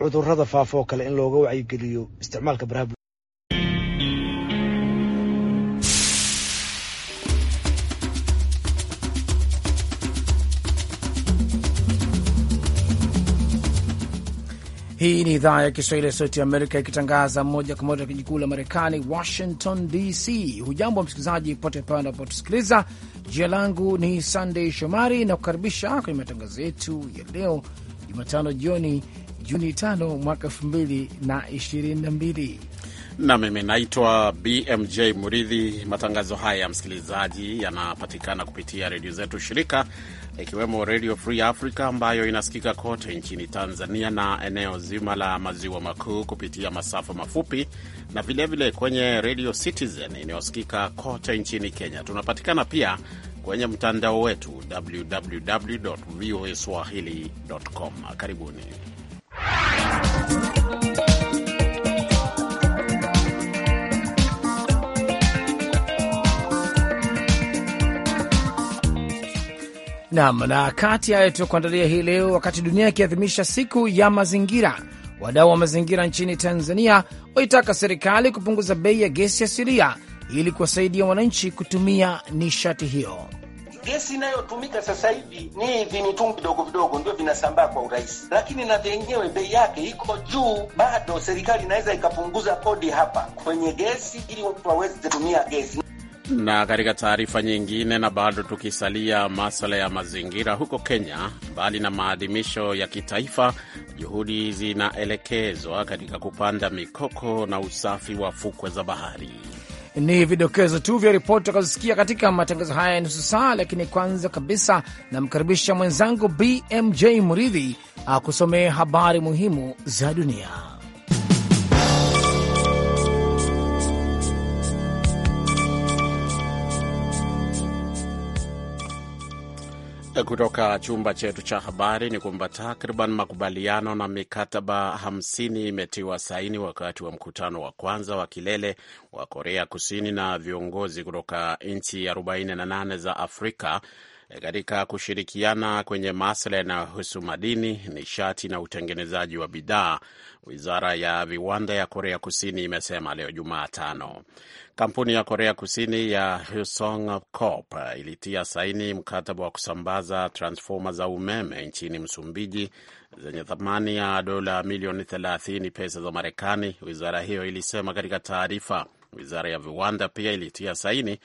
cudurrada faafa oo kale in looga wacyigeliyo isticmaalka baraha Hii ni idhaa ya Kiswahili ya Sauti ya Amerika ikitangaza moja kwa moja jiji kuu la Marekani, Washington DC. Hujambo msikilizaji pote pale unapotusikiliza. Jina langu ni Sandey Shomari na kukaribisha kwenye matangazo yetu ya leo Jumatano jioni Juni 5 mwaka 2022 na mimi naitwa BMJ Muridhi. Matangazo haya ya msikilizaji yanapatikana kupitia redio zetu shirika, ikiwemo Redio Free Africa ambayo inasikika kote nchini Tanzania na eneo zima la maziwa makuu kupitia masafa mafupi, na vilevile vile kwenye Redio Citizen inayosikika kote nchini Kenya. Tunapatikana pia kwenye mtandao wetu www voa swahili com. Karibuni. Nam na kati hayo tuliokuandalia hii leo, wakati dunia ikiadhimisha siku ya mazingira, wadau wa mazingira nchini Tanzania waitaka serikali kupunguza bei ya gesi asilia ili kuwasaidia wananchi kutumia nishati hiyo gesi inayotumika sasa hivi ni hivi mitungi vidogo vidogo, ndio vinasambaa kwa urahisi, lakini na vyenyewe bei yake iko juu. Bado serikali inaweza ikapunguza kodi hapa kwenye gesi ili watu waweze kutumia gesi. Na katika taarifa nyingine, na bado tukisalia masala ya mazingira, huko Kenya, mbali na maadhimisho ya kitaifa, juhudi zinaelekezwa katika kupanda mikoko na usafi wa fukwe za bahari. Ni vidokezo tu vya ripoti utakazosikia katika matangazo haya ya nusu saa, lakini kwanza kabisa namkaribisha mwenzangu BMJ Muridhi akusomee habari muhimu za dunia. kutoka chumba chetu cha habari ni kwamba takriban makubaliano na mikataba 50 imetiwa saini wakati wa mkutano wa kwanza wa kilele wa Korea Kusini na viongozi kutoka nchi 48 za Afrika katika kushirikiana kwenye masuala yanayohusu madini, nishati na utengenezaji wa bidhaa, wizara ya viwanda ya Korea Kusini imesema leo Jumatano. Kampuni ya Korea Kusini ya Hyosung Corp ilitia saini mkataba wa kusambaza transfoma za umeme nchini Msumbiji zenye thamani ya dola milioni 30 pesa za Marekani, wizara hiyo ilisema katika taarifa. Wizara ya viwanda pia ilitia saini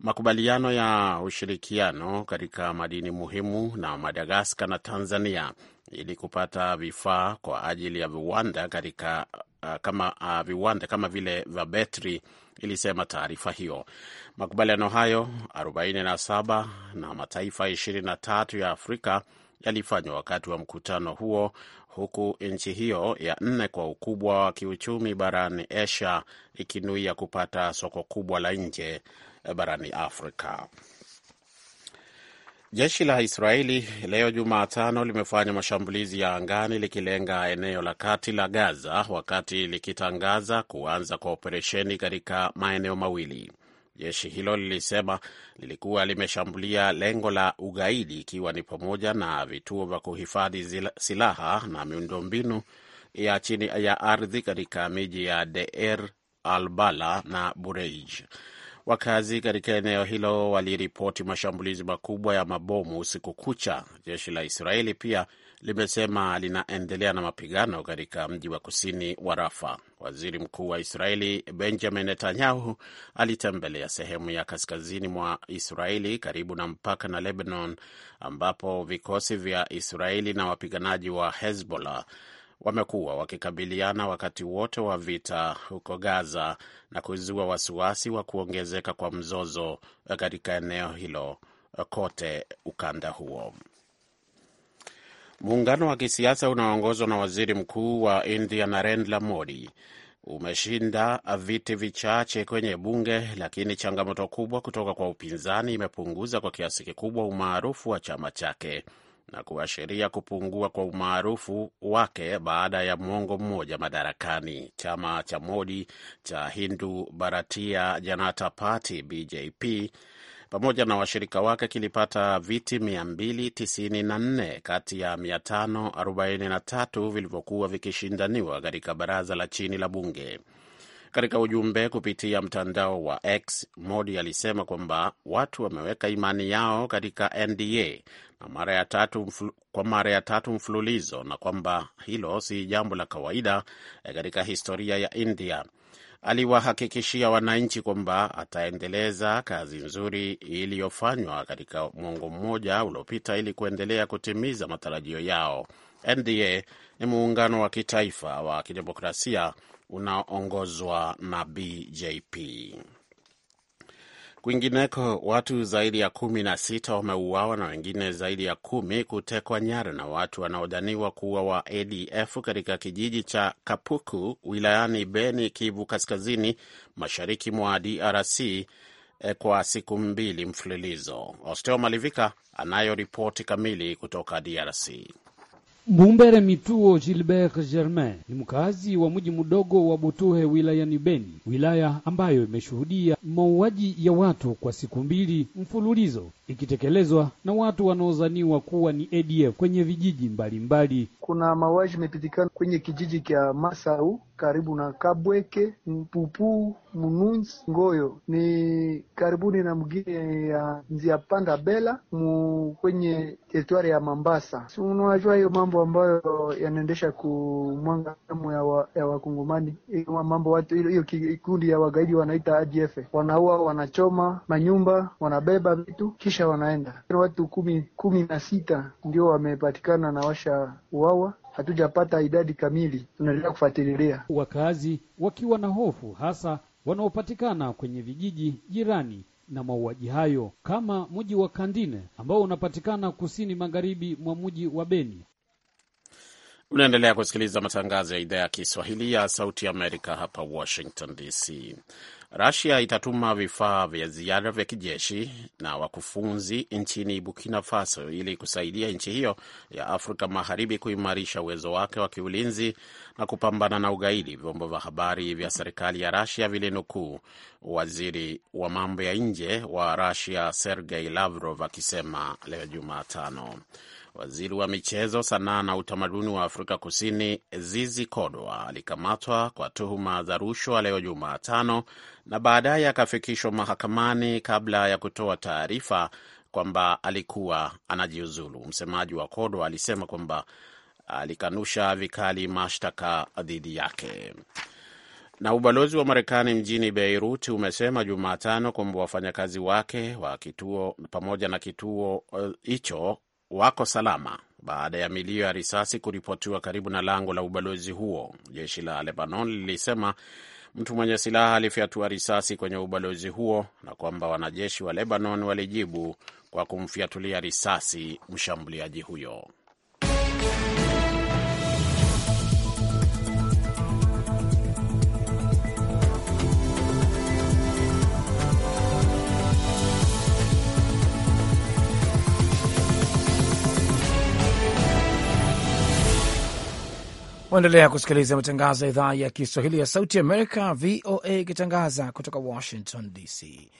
makubaliano ya ushirikiano katika madini muhimu na Madagaskar na Tanzania ili kupata vifaa kwa ajili ya viwanda katika uh, kama uh, viwanda kama vile vya betri, ilisema taarifa hiyo. Makubaliano hayo 47 na mataifa 23 ya Afrika yalifanywa wakati wa mkutano huo, huku nchi hiyo ya nne kwa ukubwa wa kiuchumi barani Asia ikinuia kupata soko kubwa la nje barani Afrika. Jeshi la Israeli leo Jumatano limefanya mashambulizi ya angani likilenga eneo la kati la Gaza wakati likitangaza kuanza kwa operesheni katika maeneo mawili. Jeshi hilo lilisema lilikuwa limeshambulia lengo la ugaidi ikiwa ni pamoja na vituo vya kuhifadhi silaha na miundombinu ya chini ya ardhi katika miji ya Deir al-Bala na Bureij. Wakazi katika eneo hilo waliripoti mashambulizi makubwa ya mabomu usiku kucha. Jeshi la Israeli pia limesema linaendelea na mapigano katika mji wa kusini wa Rafa. Waziri mkuu wa Israeli Benjamin Netanyahu alitembelea sehemu ya kaskazini mwa Israeli karibu na mpaka na Lebanon, ambapo vikosi vya Israeli na wapiganaji wa Hezbollah wamekuwa wakikabiliana wakati wote wa vita huko Gaza na kuzua wasiwasi wa kuongezeka kwa mzozo katika eneo hilo kote ukanda huo. Muungano wa kisiasa unaoongozwa na waziri mkuu wa India Narendra Modi umeshinda viti vichache kwenye bunge, lakini changamoto kubwa kutoka kwa upinzani imepunguza kwa kiasi kikubwa umaarufu wa chama chake na kuashiria kupungua kwa umaarufu wake baada ya mwongo mmoja madarakani. Chama cha Modi cha Hindu Bharatiya Janata Party BJP pamoja na washirika wake kilipata viti 294 kati ya 543 vilivyokuwa vikishindaniwa katika baraza la chini la bunge. Katika ujumbe kupitia mtandao wa X, Modi alisema kwamba watu wameweka imani yao katika NDA na mara ya tatu mflu, kwa mara ya tatu mfululizo na kwamba hilo si jambo la kawaida eh, katika historia ya India. Aliwahakikishia wananchi kwamba ataendeleza kazi nzuri iliyofanywa katika mwongo mmoja uliopita ili kuendelea kutimiza matarajio yao. NDA ni muungano wa kitaifa wa kidemokrasia unaoongozwa na BJP. Kwingineko, watu zaidi ya kumi na sita wameuawa na wengine zaidi ya kumi kutekwa nyara na watu wanaodhaniwa kuwa wa ADF katika kijiji cha Kapuku wilayani Beni, Kivu Kaskazini, mashariki mwa DRC eh, kwa siku mbili mfululizo. Osteo Malivika anayo ripoti kamili kutoka DRC mumbere Mituo Gilbert Germain ni mkazi wa mji mdogo wa Butuhe wilayani Beni, wilaya ambayo imeshuhudia mauaji ya watu kwa siku mbili mfululizo ikitekelezwa na watu wanaozaniwa kuwa ni ADF kwenye vijiji mbalimbali mbali. Kuna mauaji imepitikana kwenye kijiji cha Masau karibu na Kabweke, Mpupu, Mununzi, Ngoyo ni karibuni na mgine ya nzia panda Bela mu kwenye teritwari ya Mambasa. Si unajua hiyo mambo ambayo yanaendesha kumwanga damu ya, wa, ya wakongomani hiyo mambo watu hiyo kikundi ya wagaidi wanaita ADF wanaua, wanachoma manyumba, wanabeba vitu kisha wanaenda. Watu kumi kumi na sita ndio wamepatikana na washa uawa hatujapata idadi kamili, tunaendelea kufuatilia. Wakazi wakiwa na hofu hasa wanaopatikana kwenye vijiji jirani na mauaji hayo, kama mji wa Kandine ambao unapatikana kusini magharibi mwa mji wa Beni. Unaendelea kusikiliza matangazo ya idhaa ya Kiswahili ya Sauti ya Amerika hapa Washington DC. Rasia itatuma vifaa vya ziada vya kijeshi na wakufunzi nchini Burkina Faso ili kusaidia nchi hiyo ya Afrika Magharibi kuimarisha uwezo wake wa kiulinzi na kupambana na ugaidi, vyombo vya habari vya serikali ya Rasia vilinukuu waziri wa mambo ya nje wa Rasia Sergei Lavrov akisema leo Jumatano. Waziri wa michezo, sanaa na utamaduni wa Afrika Kusini Zizi Kodwa alikamatwa kwa tuhuma za rushwa leo Jumatano na baadaye akafikishwa mahakamani kabla ya kutoa taarifa kwamba alikuwa anajiuzulu. Msemaji wa Kodwa alisema kwamba alikanusha vikali mashtaka dhidi yake. Na ubalozi wa Marekani mjini Beirut umesema Jumatano kwamba wafanyakazi wake wa kituo pamoja na kituo eh, hicho wako salama baada ya milio ya risasi kuripotiwa karibu na lango la ubalozi huo. Jeshi la Lebanon lilisema mtu mwenye silaha alifyatua risasi kwenye ubalozi huo na kwamba wanajeshi wa Lebanon walijibu kwa kumfyatulia risasi mshambuliaji huyo. Waendelea kusikiliza matangazo ya idhaa ya Kiswahili ya Sauti Amerika, VOA, ikitangaza kutoka Washington DC.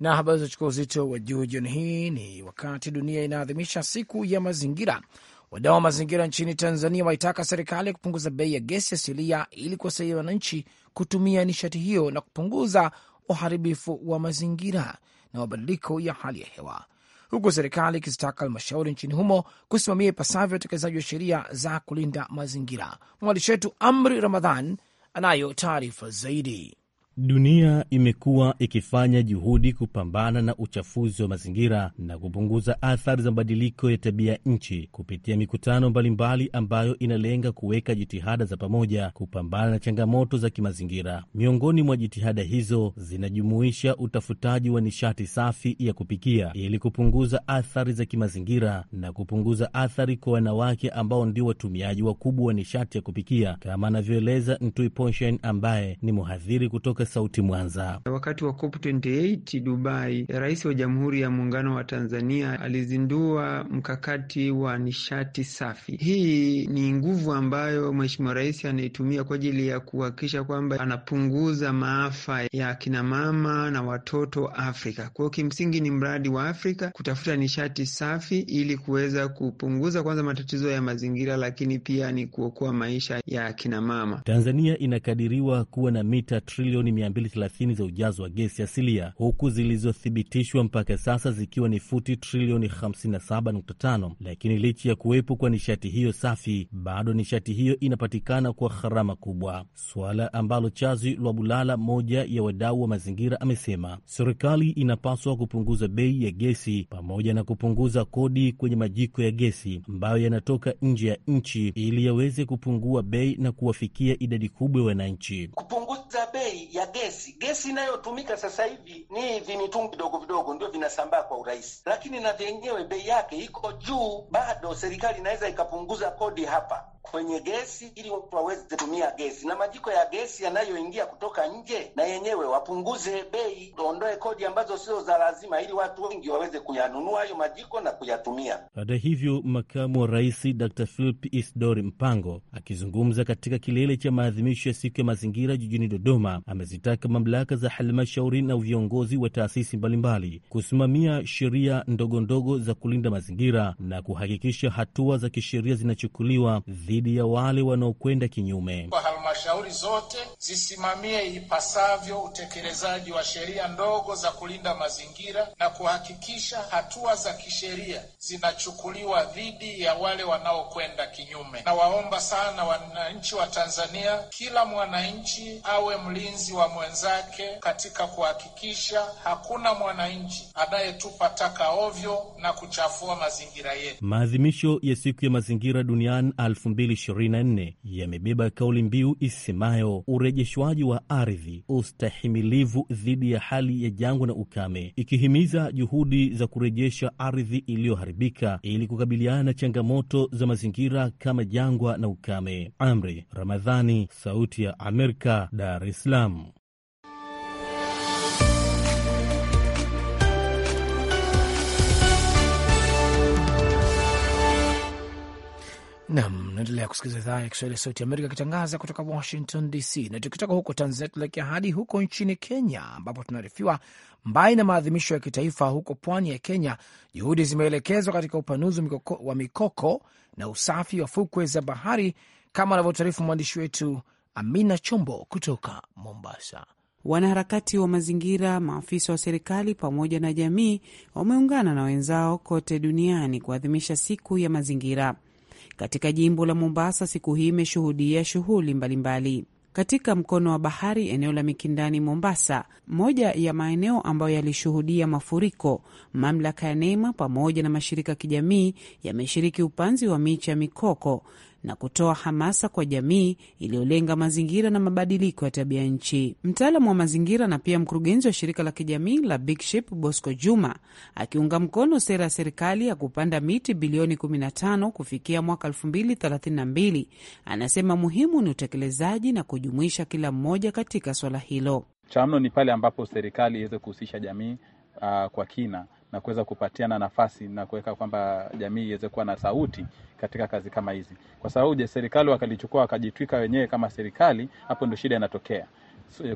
Na habari zilizochukua uzito wa juu jioni hii ni wakati dunia inaadhimisha siku ya mazingira. Wadau wa mazingira nchini Tanzania waitaka serikali kupunguza bei ya gesi asilia ili kuwasaidia wananchi kutumia nishati hiyo na kupunguza uharibifu wa mazingira na mabadiliko ya hali ya hewa huku serikali ikizitaka halmashauri nchini humo kusimamia ipasavyo utekelezaji wa sheria za kulinda mazingira. Mwandishi wetu Amri Ramadhan anayo taarifa zaidi. Dunia imekuwa ikifanya juhudi kupambana na uchafuzi wa mazingira na kupunguza athari za mabadiliko ya tabia nchi kupitia mikutano mbalimbali ambayo inalenga kuweka jitihada za pamoja kupambana na changamoto za kimazingira. Miongoni mwa jitihada hizo zinajumuisha utafutaji wa nishati safi ya kupikia ili kupunguza athari za kimazingira na kupunguza athari kwa wanawake ambao ndio watumiaji wakubwa wa nishati ya kupikia, kama anavyoeleza Ntui Ponshen ambaye ni mhadhiri kutoka Sauti Mwanza. Wakati wa COP 28 Dubai, Rais wa Jamhuri ya Muungano wa Tanzania alizindua mkakati wa nishati safi. Hii ni nguvu ambayo Mheshimiwa Rais anaitumia kwa ajili ya kuhakikisha kwamba anapunguza maafa ya akinamama na watoto Afrika. Kwa hiyo kimsingi ni mradi wa Afrika kutafuta nishati safi ili kuweza kupunguza kwanza matatizo ya mazingira, lakini pia ni kuokoa maisha ya akinamama. Tanzania inakadiriwa kuwa na mita trilioni 230 za ujazo wa gesi asilia, huku zilizothibitishwa mpaka sasa zikiwa ni futi trilioni 57.5. Lakini licha ya kuwepo kwa nishati hiyo safi, bado nishati hiyo inapatikana kwa gharama kubwa, suala ambalo Chazi Lwabulala, moja ya wadau wa mazingira, amesema serikali inapaswa kupunguza bei ya gesi pamoja na kupunguza kodi kwenye majiko ya gesi ambayo yanatoka nje ya nchi ili yaweze kupungua bei na kuwafikia idadi kubwa ya wananchi. Kupunguza bei ya gesi. Gesi inayotumika sasa hivi ni mitungi vidogo vidogo, ndio vinasambaa kwa urahisi, lakini na vyenyewe bei yake iko juu. Bado serikali inaweza ikapunguza kodi hapa kwenye gesi ili waweze kutumia gesi, na majiko ya gesi yanayoingia kutoka nje na yenyewe wapunguze bei, waondoe kodi ambazo sio za lazima, ili watu wengi waweze kuyanunua hayo majiko na kuyatumia. Hata hivyo, makamu wa rais Dr. Philip Isdori Mpango akizungumza katika kilele cha maadhimisho ya siku ya mazingira jijini Dodoma, amezitaka mamlaka za halmashauri na viongozi wa taasisi mbalimbali kusimamia sheria ndogondogo za kulinda mazingira na kuhakikisha hatua za kisheria zinachukuliwa dhidi dhidi ya wale wanaokwenda kinyume halmashauri zote zisimamie ipasavyo utekelezaji wa sheria ndogo za kulinda mazingira na kuhakikisha hatua za kisheria zinachukuliwa dhidi ya wale wanaokwenda kinyume. Nawaomba sana wananchi wa Tanzania, kila mwananchi awe mlinzi wa mwenzake katika kuhakikisha hakuna mwananchi anayetupa taka ovyo na kuchafua mazingira yetu. Maadhimisho ya siku ya mazingira duniani 2024 yamebeba kauli mbiu isemayo urejeshwaji wa ardhi, ustahimilivu dhidi ya hali ya jangwa na ukame, ikihimiza juhudi za kurejesha ardhi iliyoharibika ili kukabiliana na changamoto za mazingira kama jangwa na ukame. Amri Ramadhani, Sauti ya Amerika, Dar es Salaam. Nam, naendelea kusikiliza idhaa ya Kiswahili ya Sauti Amerika ikitangaza kutoka Washington DC. Na tukitoka huko Tanzania, tuelekea hadi huko nchini Kenya, ambapo tunaarifiwa mbali na maadhimisho ya kitaifa huko pwani ya Kenya, juhudi zimeelekezwa katika upanuzi wa mikoko na usafi wa fukwe za bahari, kama anavyotaarifu mwandishi wetu Amina Chombo kutoka Mombasa. Wanaharakati wa mazingira, maafisa wa serikali pamoja na jamii wameungana na wenzao kote duniani kuadhimisha siku ya mazingira katika jimbo la Mombasa siku hii imeshuhudia shughuli mbalimbali katika mkono wa bahari eneo la Mikindani, Mombasa, moja ya maeneo ambayo yalishuhudia mafuriko. Mamlaka ya NEMA pamoja na mashirika kijamii, ya kijamii yameshiriki upanzi wa miche ya mikoko na kutoa hamasa kwa jamii iliyolenga mazingira na mabadiliko ya tabia nchi. Mtaalamu wa mazingira na pia mkurugenzi wa shirika la kijamii la Big Ship Bosco Juma akiunga mkono sera ya serikali ya kupanda miti bilioni 15 kufikia mwaka 2032 anasema muhimu ni utekelezaji na kujumuisha kila mmoja katika swala hilo. Cha mno ni pale ambapo serikali iweze kuhusisha jamii uh, kwa kina na kuweza kupatiana nafasi na kuweka kwamba jamii iweze kuwa na sauti katika kazi kama hizi, kwa sababu je, serikali wakalichukua wakajitwika wenyewe kama serikali, hapo ndio shida inatokea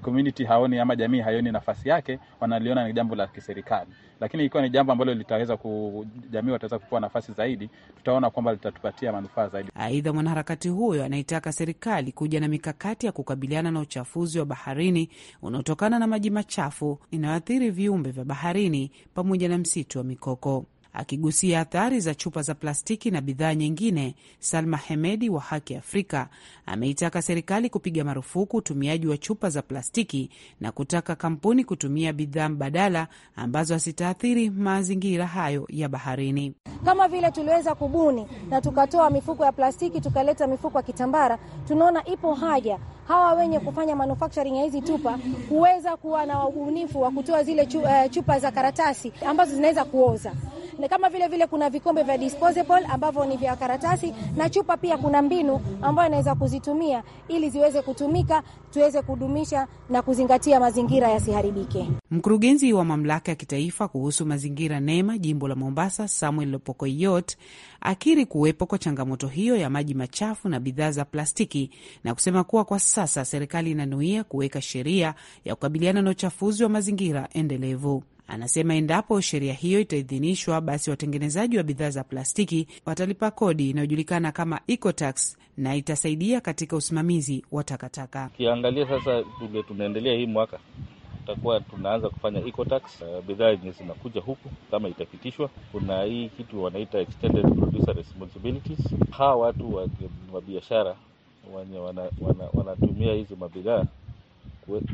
community haoni ama jamii haioni nafasi yake, wanaliona ni jambo la kiserikali. Lakini ikiwa ni jambo ambalo litaweza ku, jamii wataweza kupewa nafasi zaidi, tutaona kwamba litatupatia manufaa zaidi. Aidha, mwanaharakati huyo anaitaka serikali kuja na mikakati ya kukabiliana na uchafuzi wa baharini unaotokana na maji machafu inayoathiri viumbe vya baharini pamoja na msitu wa mikoko. Akigusia athari za chupa za plastiki na bidhaa nyingine, Salma Hemedi wa Haki Afrika ameitaka serikali kupiga marufuku utumiaji wa chupa za plastiki na kutaka kampuni kutumia bidhaa mbadala ambazo hazitaathiri mazingira hayo ya baharini. Kama vile tuliweza kubuni na tukatoa mifuko ya plastiki tukaleta mifuko ya kitambara, tunaona ipo haja hawa wenye kufanya manufacturing ya hizi chupa kuweza kuwa na ubunifu wa kutoa zile eh, chupa za karatasi ambazo zinaweza kuoza. Kama vile vile kuna vikombe vya disposable ambavyo ni vya karatasi na chupa pia, kuna mbinu ambayo inaweza kuzitumia ili ziweze kutumika, tuweze kudumisha na kuzingatia mazingira yasiharibike. Mkurugenzi wa mamlaka ya kitaifa kuhusu mazingira NEMA jimbo la Mombasa, Samuel lopokoyot akiri kuwepo kwa changamoto hiyo ya maji machafu na bidhaa za plastiki na kusema kuwa kwa sasa serikali inanuia kuweka sheria ya kukabiliana na uchafuzi wa mazingira endelevu. Anasema endapo sheria hiyo itaidhinishwa, basi watengenezaji wa bidhaa za plastiki watalipa kodi inayojulikana kama ecotax na itasaidia katika usimamizi wa takataka. Ukiangalia sasa vile tunaendelea hii mwaka tutakuwa tunaanza kufanya ecotax uh, bidhaa enye zinakuja huku, kama itapitishwa. Kuna hii kitu wanaita extended producer responsibilities. Hawa watu wa biashara wenye wanatumia wana, wana hizi mabidhaa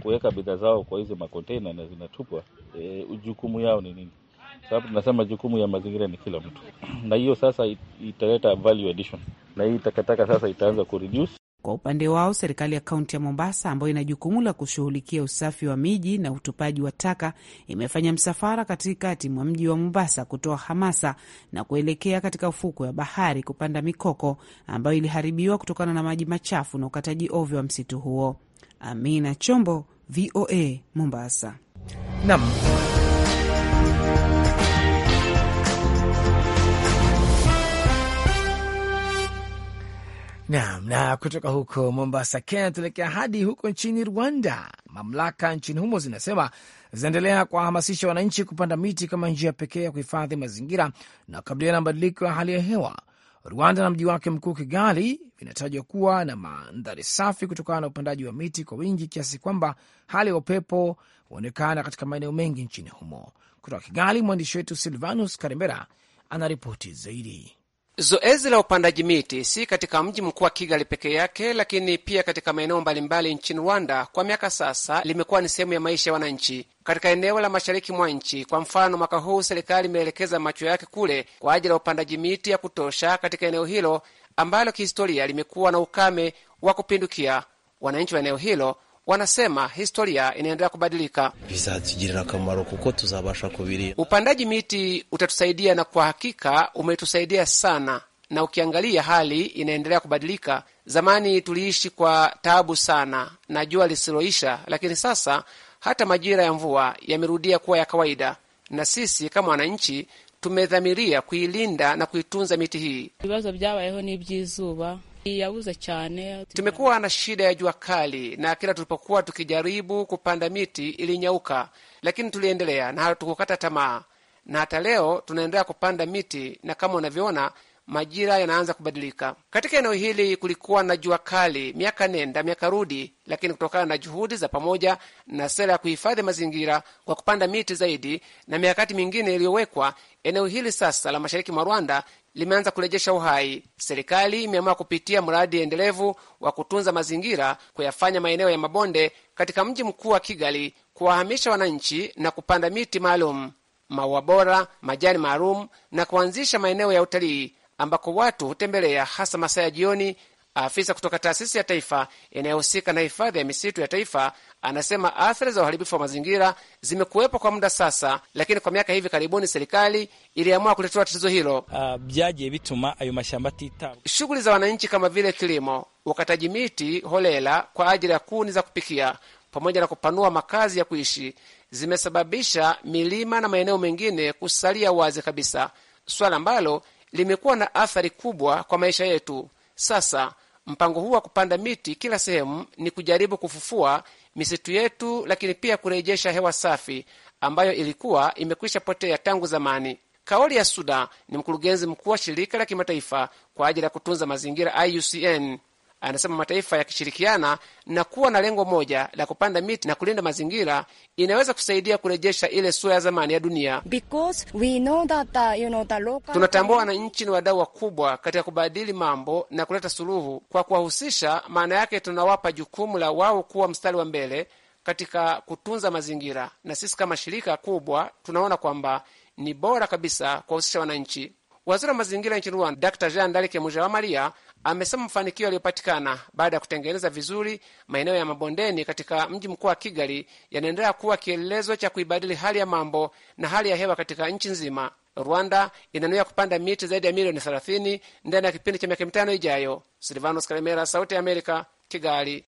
kuweka bidhaa zao kwa hizo makontena na zinatupwa, e, jukumu yao ni nini? Sababu tunasema jukumu ya mazingira ni kila mtu, na hiyo sasa italeta value addition, na hii takataka sasa itaanza kureduce. Kwa upande wao, serikali ya kaunti ya Mombasa ambayo ina jukumu la kushughulikia usafi wa miji na utupaji wa taka imefanya msafara katikati mwa mji wa Mombasa kutoa hamasa na kuelekea katika ufukwe wa bahari kupanda mikoko ambayo iliharibiwa kutokana na maji machafu na ukataji ovyo wa msitu huo. Amina Chombo, VOA Mombasa. Nam nam na kutoka huko Mombasa, Kenya, tuelekea hadi huko nchini Rwanda. Mamlaka nchini humo zinasema zinaendelea kuwahamasisha wananchi kupanda miti kama njia pekee ya kuhifadhi mazingira na kukabiliana na mabadiliko ya hali ya hewa Rwanda na mji wake mkuu Kigali vinatajwa kuwa na mandhari safi kutokana na upandaji wa miti kwa wingi kiasi kwamba hali ya upepo huonekana katika maeneo mengi nchini humo. Kutoka Kigali, mwandishi wetu Silvanus Karemera anaripoti zaidi. Zoezi la upandaji miti si katika mji mkuu wa Kigali peke yake, lakini pia katika maeneo mbalimbali nchini Rwanda kwa miaka sasa limekuwa ni sehemu ya maisha ya wananchi. Katika eneo la mashariki mwa nchi, kwa mfano, mwaka huu serikali imeelekeza macho yake kule kwa ajili ya upandaji miti ya kutosha katika eneo hilo ambalo kihistoria limekuwa na ukame wa kupindukia. Wananchi wa eneo hilo wanasema historia inaendelea kubadilika. Upandaji miti utatusaidia, na kwa hakika umetusaidia sana, na ukiangalia hali inaendelea kubadilika. Zamani tuliishi kwa taabu sana na jua lisiloisha, lakini sasa hata majira ya mvua yamerudia kuwa ya kawaida, na sisi kama wananchi tumedhamiria kuilinda na kuitunza miti hii yauza cyane. Tumekuwa na shida ya jua kali, na kila tulipokuwa tukijaribu kupanda miti ilinyauka, lakini tuliendelea na hatukukata tamaa, na hata leo tunaendelea kupanda miti, na kama unavyoona majira yanaanza kubadilika. Katika eneo hili kulikuwa na jua kali miaka nenda miaka rudi, lakini kutokana na juhudi za pamoja na sera ya kuhifadhi mazingira kwa kupanda miti zaidi na mikakati mingine iliyowekwa, eneo hili sasa la mashariki mwa Rwanda limeanza kurejesha uhai. Serikali imeamua kupitia mradi endelevu wa kutunza mazingira kuyafanya maeneo ya mabonde katika mji mkuu wa Kigali kuwahamisha wananchi na kupanda miti maalum, maua bora, majani maalum na kuanzisha maeneo ya utalii ambako watu hutembelea hasa masaa ya jioni Afisa kutoka taasisi ya taifa inayohusika na hifadhi ya misitu ya taifa anasema athari za uharibifu wa mazingira zimekuwepo kwa muda sasa, lakini kwa miaka hivi karibuni serikali iliamua kulitatua tatizo hilo. Uh, shughuli za wananchi kama vile kilimo, ukataji miti holela kwa ajili ya kuni za kupikia pamoja na kupanua makazi ya kuishi zimesababisha milima na maeneo mengine kusalia wazi kabisa, swala ambalo limekuwa na athari kubwa kwa maisha yetu. Sasa Mpango huu wa kupanda miti kila sehemu ni kujaribu kufufua misitu yetu, lakini pia kurejesha hewa safi ambayo ilikuwa imekwisha potea tangu zamani. Kaoli ya Suda ni mkurugenzi mkuu wa shirika la kimataifa kwa ajili ya kutunza mazingira IUCN. Anasema mataifa yakishirikiana na kuwa na lengo moja la kupanda miti na kulinda mazingira inaweza kusaidia kurejesha ile sura ya zamani ya dunia. Uh, Tunatambua wananchi ni wadau wakubwa katika kubadili mambo na kuleta suluhu. Kwa kuwahusisha, maana yake tunawapa jukumu la wao kuwa mstari wa mbele katika kutunza mazingira, na sisi kama shirika kubwa tunaona kwamba ni bora kabisa kuwahusisha wananchi. Waziri wa mazingira nchini Rwanda Dr Jean Ndarike Mujawamaria amesema mafanikio yaliyopatikana baada ya kutengeneza vizuri maeneo ya mabondeni katika mji mkuu wa Kigali yanaendelea kuwa kielelezo cha kuibadili hali ya mambo na hali ya hewa katika nchi nzima. Rwanda inanuia kupanda miti zaidi ya milioni 30 ndani ya kipindi cha miaka mitano ijayo. Silvanos Karemera, Sauti ya Amerika, Kigali.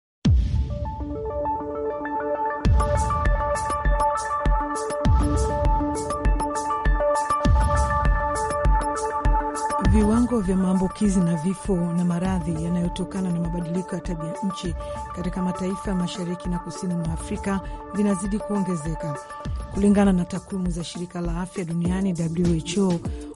vya maambukizi na vifo na maradhi yanayotokana na mabadiliko ya tabia nchi katika mataifa ya mashariki na kusini mwa Afrika vinazidi kuongezeka. Kulingana na takwimu za shirika la afya duniani WHO,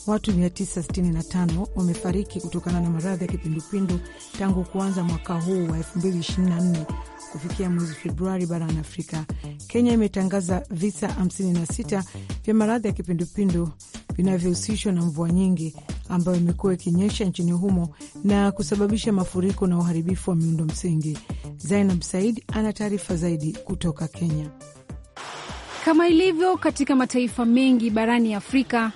watu 965 wamefariki kutokana na maradhi ya kipindupindu tangu kuanza mwaka huu wa 2024 kufikia mwezi Februari barani Afrika. Kenya imetangaza visa 56 vya maradhi ya kipindupindu vinavyohusishwa na mvua nyingi ambayo imekuwa ikinyesha nchini humo na kusababisha mafuriko na uharibifu wa miundo msingi. Zainab Said ana taarifa zaidi kutoka Kenya. Kama ilivyo katika mataifa mengi barani Afrika,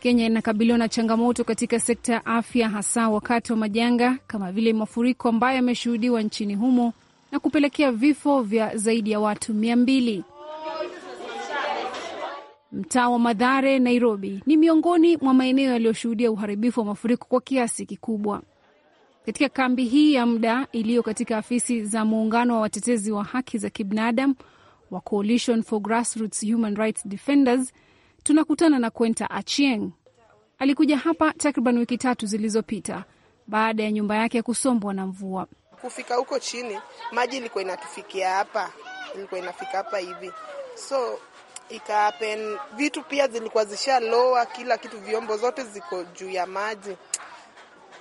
Kenya inakabiliwa na changamoto katika sekta ya afya, hasa wakati wa majanga kama vile mafuriko ambayo yameshuhudiwa nchini humo na kupelekea vifo vya zaidi ya watu mia mbili. Mtaa wa Madhare, Nairobi, ni miongoni mwa maeneo yaliyoshuhudia uharibifu wa mafuriko kwa kiasi kikubwa. Katika kambi hii ya muda iliyo katika afisi za muungano wa watetezi wa haki za kibinadamu wa Coalition for Grassroots Human Rights Defenders, tunakutana na Kwenta Achieng. Alikuja hapa takriban wiki tatu zilizopita baada ya nyumba yake kusombwa na mvua kufika huko chini, maji ilikuwa inatufikia hapa, ilikuwa inafika hapa hivi, so happen, vitu pia zilikuwa zisha loa kila kitu, vyombo zote ziko juu ya maji.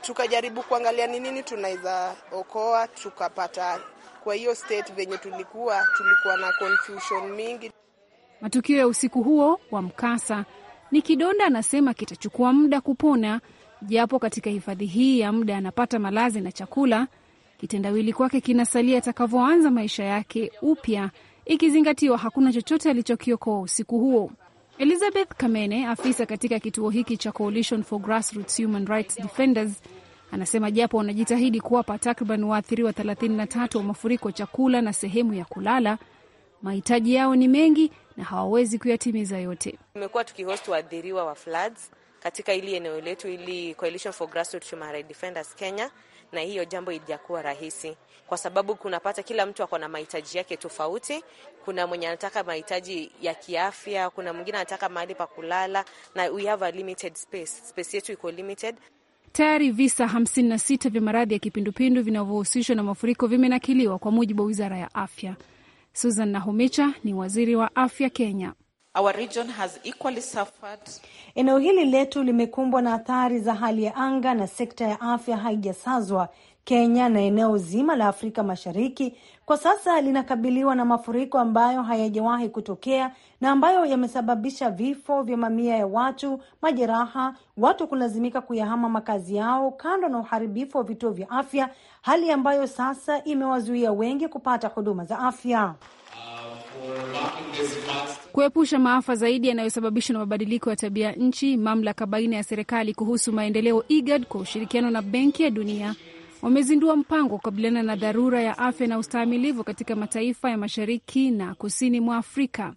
Tukajaribu kuangalia ni nini tunaweza okoa, tukapata kwa hiyo state venye tulikuwa tulikuwa na confusion mingi. Matukio ya usiku huo wa mkasa ni Kidonda anasema kitachukua muda kupona, japo katika hifadhi hii ya muda anapata malazi na chakula Kitendawili kwake kinasalia atakavyoanza maisha yake upya, ikizingatiwa hakuna chochote alichokiokoa usiku huo. Elizabeth Kamene, afisa katika kituo hiki cha Coalition for Grassroots Human Rights Defenders, anasema japo wanajitahidi kuwapa takriban waathiriwa 33 wa mafuriko chakula na sehemu ya kulala, mahitaji yao ni mengi na hawawezi kuyatimiza yote. Tumekuwa tukihost waathiriwa wa floods katika ili eneo letu ili Coalition for Grassroots Human Rights Defenders Kenya na hiyo jambo ilijakuwa rahisi, kwa sababu kunapata kila mtu ako na mahitaji yake tofauti. Kuna mwenye anataka mahitaji ya kiafya, kuna mwingine anataka mahali pa kulala, na we have a limited space. Space yetu iko limited. Tayari visa 56 vya maradhi ya kipindupindu vinavyohusishwa na mafuriko vimenakiliwa kwa mujibu wa wizara ya afya. Susan Nahumicha ni waziri wa afya Kenya. Our region has equally suffered. Eneo hili letu limekumbwa na athari za hali ya anga na sekta ya afya haijasazwa. Kenya na eneo zima la Afrika Mashariki kwa sasa linakabiliwa na mafuriko ambayo hayajawahi kutokea na ambayo yamesababisha vifo vya mamia ya watu, majeraha, watu kulazimika kuyahama makazi yao, kando na uharibifu wa vituo vya afya, hali ambayo sasa imewazuia wengi kupata huduma za afya kuepusha maafa zaidi yanayosababishwa na mabadiliko ya tabia nchi. Mamlaka baina ya serikali kuhusu maendeleo IGAD kwa ushirikiano na Benki ya Dunia wamezindua mpango wa kukabiliana na dharura ya afya na ustahimilivu katika mataifa ya mashariki na kusini mwa Afrika.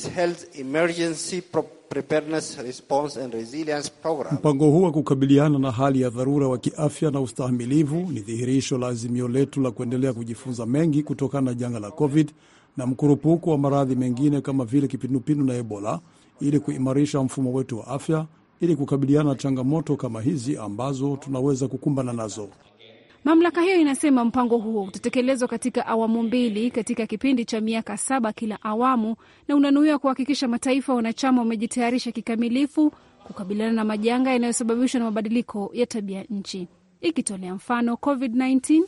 Mpango huu wa kukabiliana na hali ya dharura wa kiafya na ustahimilivu ni dhihirisho la azimio letu la kuendelea kujifunza mengi kutokana na janga la COVID na mkurupuko wa maradhi mengine kama vile kipindupindu na Ebola, ili kuimarisha mfumo wetu wa afya ili kukabiliana na changamoto kama hizi ambazo tunaweza kukumbana nazo. Mamlaka hiyo inasema mpango huo utatekelezwa katika awamu mbili katika kipindi cha miaka saba kila awamu, na unanuiwa kuhakikisha mataifa wanachama wamejitayarisha kikamilifu kukabiliana na majanga yanayosababishwa na mabadiliko ya tabia nchi, ikitolea mfano COVID-19,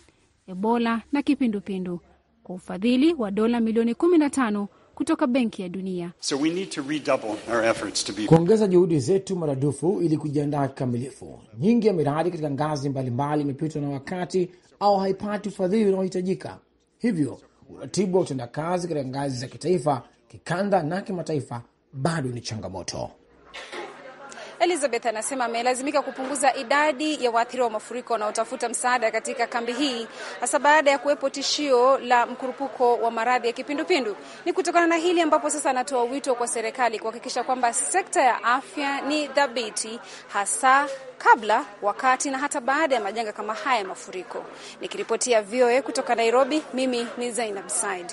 Ebola na kipindupindu kwa ufadhili wa dola milioni 15 kutoka Benki ya Dunia. So be... kuongeza juhudi zetu maradufu ili kujiandaa kikamilifu. Nyingi ya miradi katika ngazi mbalimbali imepitwa na wakati au haipati ufadhili unaohitajika. Hivyo uratibu wa utendakazi katika ngazi za kitaifa, kikanda na kimataifa bado ni changamoto. Elizabeth anasema amelazimika kupunguza idadi ya waathiriwa wa mafuriko wanaotafuta msaada katika kambi hii, hasa baada ya kuwepo tishio la mkurupuko wa maradhi ya kipindupindu. Ni kutokana na hili ambapo sasa anatoa wito kwa serikali kuhakikisha kwamba sekta ya afya ni dhabiti, hasa kabla, wakati na hata baada ya majanga kama haya ya mafuriko. Nikiripotia VOA kutoka Nairobi, mimi ni Zainab Said.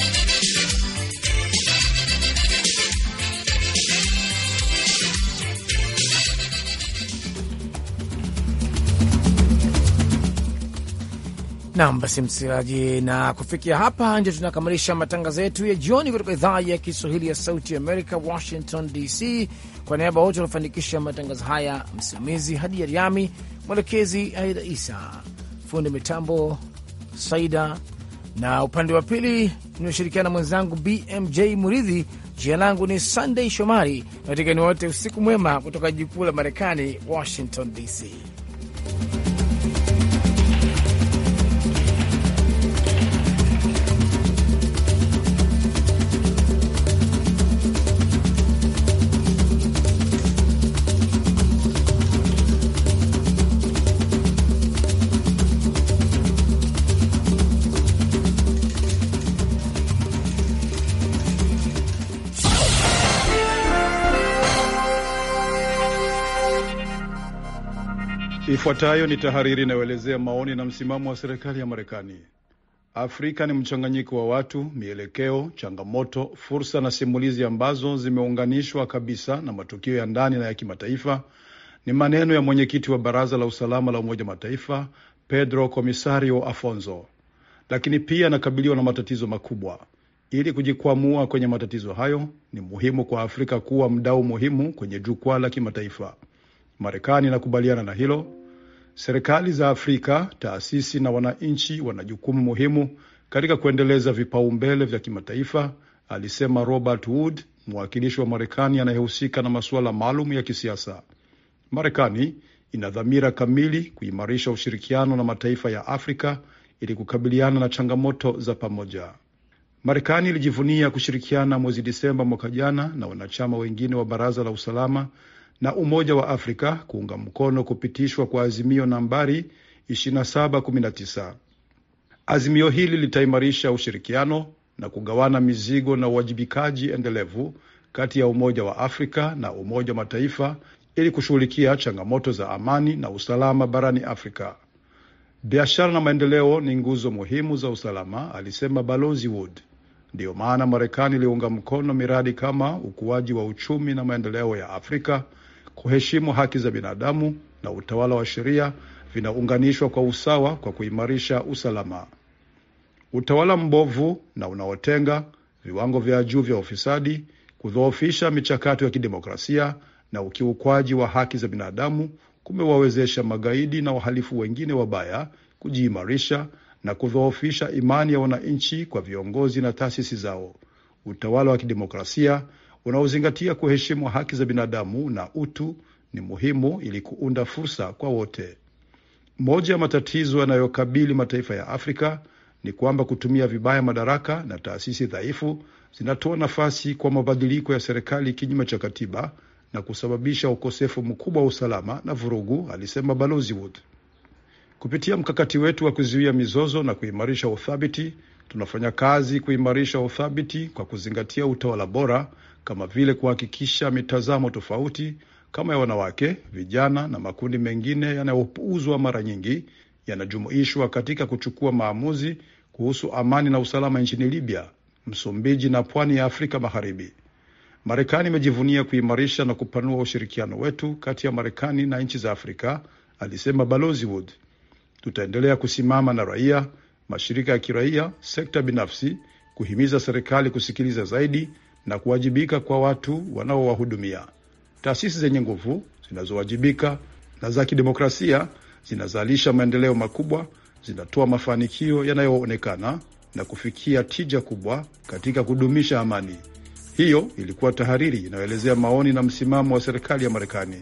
Nam basi, msikilizaji, na kufikia hapa ndio tunakamilisha matangazo yetu ya jioni kutoka idhaa ya Kiswahili ya Sauti Amerika, Washington DC. Kwa niaba wote wanafanikisha matangazo haya, msimamizi Hadi Yariami, mwelekezi Aida Isa, fundi mitambo Saida, na upande wa pili nimeshirikiana mwenzangu BMJ Muridhi. Jina langu ni Sandey Shomari, natikani wote usiku mwema kutoka jikuu la Marekani, Washington DC. Ifuatayo ni tahariri inayoelezea maoni na msimamo wa serikali ya Marekani. Afrika ni mchanganyiko wa watu, mielekeo, changamoto, fursa na simulizi ambazo zimeunganishwa kabisa na matukio ya ndani na ya kimataifa, ni maneno ya mwenyekiti wa Baraza la Usalama la Umoja Mataifa Pedro comisario Afonso. Lakini pia anakabiliwa na matatizo makubwa. Ili kujikwamua kwenye matatizo hayo, ni muhimu kwa Afrika kuwa mdau muhimu kwenye jukwaa la kimataifa. Marekani inakubaliana na hilo Serikali za Afrika, taasisi na wananchi wana jukumu muhimu katika kuendeleza vipaumbele vya kimataifa, alisema Robert Wood, mwakilishi wa Marekani anayehusika na masuala maalum ya kisiasa. Marekani ina dhamira kamili kuimarisha ushirikiano na mataifa ya Afrika ili kukabiliana na changamoto za pamoja. Marekani ilijivunia kushirikiana mwezi Disemba mwaka jana na wanachama wengine wa Baraza la Usalama na Umoja wa Afrika kuunga mkono kupitishwa kwa azimio nambari 2719. Azimio hili litaimarisha ushirikiano na kugawana mizigo na uwajibikaji endelevu kati ya Umoja wa Afrika na Umoja wa Mataifa ili kushughulikia changamoto za amani na usalama barani Afrika. Biashara na maendeleo ni nguzo muhimu za usalama, alisema Balozi Wood. Ndiyo maana Marekani iliunga mkono miradi kama ukuaji wa uchumi na maendeleo ya Afrika kuheshimu haki za binadamu na utawala wa sheria vinaunganishwa kwa usawa kwa kuimarisha usalama. Utawala mbovu na unaotenga, viwango vya juu vya ufisadi, kudhoofisha michakato ya kidemokrasia na ukiukwaji wa haki za binadamu kumewawezesha magaidi na wahalifu wengine wabaya kujiimarisha na kudhoofisha imani ya wananchi kwa viongozi na taasisi zao. Utawala wa kidemokrasia unaozingatia kuheshimu haki za binadamu na utu ni muhimu ili kuunda fursa kwa wote. Moja ya matatizo yanayokabili mataifa ya Afrika ni kwamba kutumia vibaya madaraka na taasisi dhaifu zinatoa nafasi kwa mabadiliko ya serikali kinyume cha katiba na kusababisha ukosefu mkubwa wa usalama na vurugu, alisema Balozi Wood. Kupitia mkakati wetu wa kuzuia mizozo na kuimarisha uthabiti, tunafanya kazi kuimarisha uthabiti kwa kuzingatia utawala bora kama vile kuhakikisha mitazamo tofauti kama ya wanawake, vijana na makundi mengine yanayopuuzwa mara nyingi yanajumuishwa katika kuchukua maamuzi kuhusu amani na usalama nchini Libya, Msumbiji na pwani ya Afrika Magharibi. Marekani imejivunia kuimarisha na kupanua ushirikiano wetu kati ya Marekani na nchi za Afrika, alisema Balozi Wood. Tutaendelea kusimama na raia, mashirika ya kiraia, sekta binafsi, kuhimiza serikali kusikiliza zaidi na kuwajibika kwa watu wanaowahudumia. Taasisi zenye nguvu zinazowajibika na za kidemokrasia zinazalisha maendeleo makubwa, zinatoa mafanikio yanayoonekana na kufikia tija kubwa katika kudumisha amani. Hiyo ilikuwa tahariri inayoelezea maoni na msimamo wa serikali ya Marekani.